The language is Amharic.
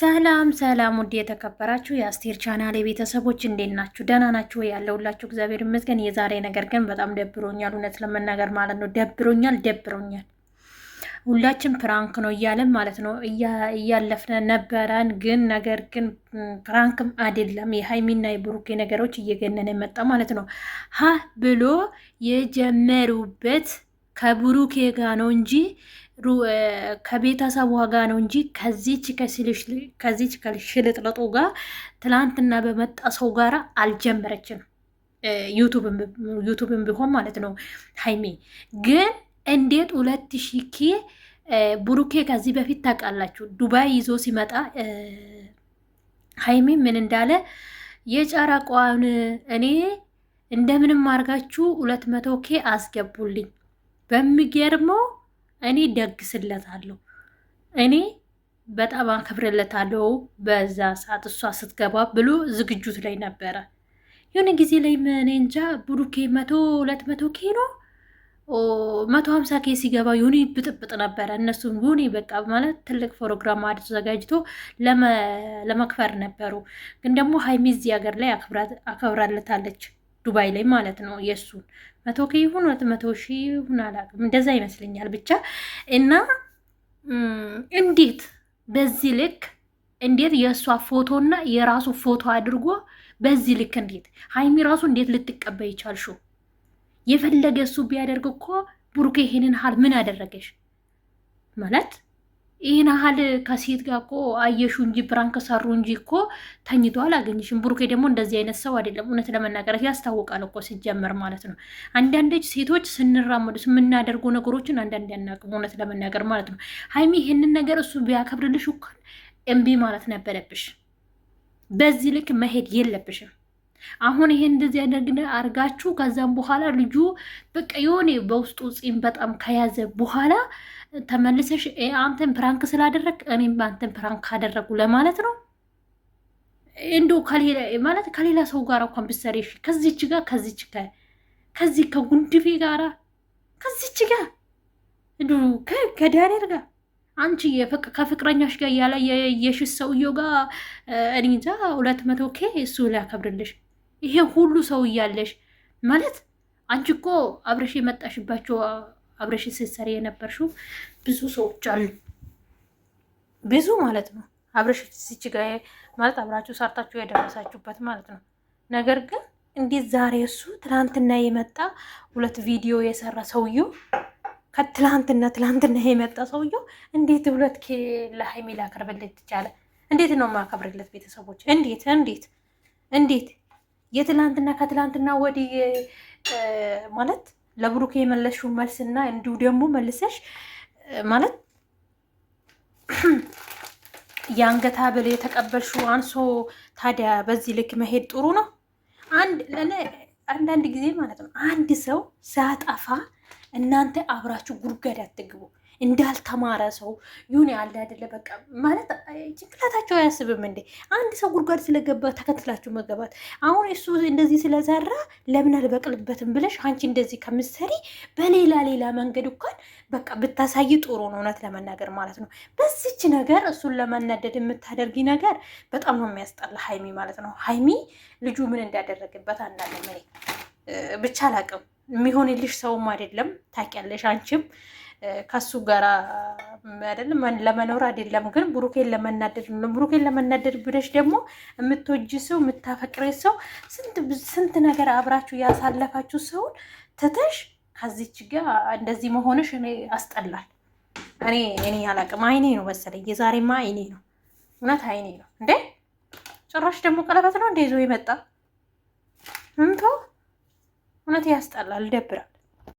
ሰላም ሰላም ውድ የተከበራችሁ የአስቴር ቻናል የቤተሰቦች እንዴት ናችሁ? ደህና ናችሁ ወይ? ያለሁላችሁ እግዚአብሔር ይመስገን። የዛሬ ነገር ግን በጣም ደብሮኛል፣ እውነት ለመናገር ማለት ነው። ደብሮኛል ደብሮኛል። ሁላችን ፕራንክ ነው እያለን ማለት ነው እያለፍነ ነበረን፣ ግን ነገር ግን ፕራንክም አይደለም የሀይሚና የብሩኬ ነገሮች እየገነነ መጣ ማለት ነው። ሀ ብሎ የጀመሩበት ከብሩኬ ጋ ነው እንጂ ከቤተሰቡ ጋ ነው እንጂ ከዚች ከሽልጥለጡ ጋር ትላንትና በመጣ ሰው ጋራ አልጀመረችም። ዩቱብን ቢሆን ማለት ነው። ሀይሜ ግን እንዴት ሁለት ሺህ ኬ ብሩኬ ከዚህ በፊት ታውቃላችሁ፣ ዱባይ ይዞ ሲመጣ ሀይሜ ምን እንዳለ የጨረቋን እኔ እንደምንም አድርጋችሁ ሁለት መቶ ኬ አስገቡልኝ በሚገርመው እኔ ደግስለታለሁ፣ እኔ በጣም አከብርለታለሁ በዛ ሰዓት እሷ ስትገባ ብሎ ዝግጁት ላይ ነበረ። የሆነ ጊዜ ላይ እኔ እንጃ ብሩኬ መቶ ሁለት መቶ ኬ ነው መቶ ሀምሳ ኬ ሲገባ የሆነ ብጥብጥ ነበረ። እነሱም ሆኒ በቃ ማለት ትልቅ ፕሮግራም አድርሶ ዘጋጅቶ ለመክፈር ነበሩ። ግን ደግሞ ሀይሚ እዚህ ሀገር ላይ አከብራለታለች። ዱባይ ላይ ማለት ነው። የእሱን መቶ ኬ ይሁን መቶ ሺ ይሁን አላውቅም፣ እንደዛ ይመስለኛል ብቻ እና እንዴት በዚህ ልክ እንዴት የእሷ ፎቶና የራሱ ፎቶ አድርጎ በዚህ ልክ እንዴት ሀይሚ ራሱ እንዴት ልትቀበይ ይቻልሹ? የፈለገ እሱ ቢያደርግ እኮ ብሩኬ ይሄንን ሀል ምን አደረገሽ ማለት ይህን ያህል ከሴት ጋር እኮ አየሹ እንጂ ብራን ከሰሩ እንጂ እኮ ተኝቶ አላገኝሽም። ብሩኬ ደግሞ እንደዚህ አይነት ሰው አይደለም። እውነት ለመናገር ያስታውቃል እኮ ሲጀመር ማለት ነው። አንዳንዶች ሴቶች ስንራመዱ የምናደርጉ ነገሮችን አንዳንድ ያናቅም እውነት ለመናገር ማለት ነው። ሀይሚ ይህንን ነገር እሱ ቢያከብርልሽ እኮ እምቢ ማለት ነበረብሽ። በዚህ ልክ መሄድ የለብሽም። አሁን ይሄ እንደዚህ ያደርግነ አርጋችሁ ከዛም በኋላ ልጁ በቃ የሆነ በውስጡ ፂም በጣም ከያዘ በኋላ ተመልሰሽ አንተን ፕራንክ ስላደረግ እኔም አንተን ፕራንክ ካደረጉ ለማለት ነው። እንዶ ከሌላ ማለት ከሌላ ሰው ጋር እንኳን ብሰሬሽ ከዚች ጋር ከዚች ከ ከዚህ ከጉንድፌ ጋራ ከዚች ጋር እንዶ ከዳኔር ጋር አንቺ ከፍቅረኛሽ ጋር ያለ የሽስ ሰውየው ጋር እኔ እንጃ ሁለት መቶ ኬ እሱ ሊያከብርልሽ ይሄ ሁሉ ሰው እያለሽ ማለት አንቺ እኮ አብረሽ የመጣሽባቸው አብረሽ ስትሰሪ የነበርሽው ብዙ ሰዎች አሉ፣ ብዙ ማለት ነው። አብረሽ ስች ማለት አብራችሁ ሰርታችሁ የደረሳችሁበት ማለት ነው። ነገር ግን እንዴት ዛሬ እሱ ትላንትና የመጣ ሁለት ቪዲዮ የሰራ ሰውየው ከትላንትና ትላንትና የመጣ ሰውየው እንዴት ሁለት ለሀይሜ ላቀርብለት ይቻለ? እንዴት ነው ማከብርለት? ቤተሰቦች እንዴት እንዴት እንዴት የትላንትና ከትላንትና ወዲህ ማለት ለብሩኬ የመለስሽው መልስና እንዲሁ ደግሞ መልሰሽ ማለት የአንገት ሀብል የተቀበልሽው አንሶ ታዲያ በዚህ ልክ መሄድ ጥሩ ነው? አንድ ለእኔ አንዳንድ ጊዜ ማለት ነው አንድ ሰው ሲያጠፋ እናንተ አብራችሁ ጉድጓድ አትግቡ። እንዳልተማረ ሰው ይሁን ያለ አይደለ በቃ ማለት ጭንቅላታቸው አያስብም እንዴ? አንድ ሰው ጉድጓድ ስለገባ ተከትላችሁ መገባት። አሁን እሱ እንደዚህ ስለዘራ ለምን አልበቅልበትም ብለሽ አንቺ እንደዚህ ከምትሰሪ በሌላ ሌላ መንገድ እንኳን በቃ ብታሳይ ጥሩ ነው፣ እውነት ለመናገር ማለት ነው። በዚች ነገር እሱን ለመናደድ የምታደርጊ ነገር በጣም ነው የሚያስጠላ ሀይሚ ማለት ነው። ሀይሚ ልጁ ምን እንዳደረግበት አናለም። እኔ ብቻ አላቅም። የሚሆንልሽ ሰውም አይደለም ታውቂያለሽ አንቺም ከሱ ጋር አይደለም ለመኖር አይደለም፣ ግን ብሩኬን ለመናደድ ነው። ብሩኬን ለመናደድ ብለሽ ደግሞ የምትወጅ ሰው የምታፈቅሬ ሰው ስንት ነገር አብራችሁ ያሳለፋችሁ ሰውን ትተሽ ከዚች ጋር እንደዚህ መሆንሽ እኔ አስጠላል። እኔ እኔ አላቅም። አይኔ ነው መሰለኝ የዛሬማ አይኔ ነው እውነት አይኔ ነው እንዴ! ጭራሽ ደግሞ ቀለበት ነው እንደ ይዞ የመጣ እንቶ እውነት ያስጠላል፣ ይደብራል።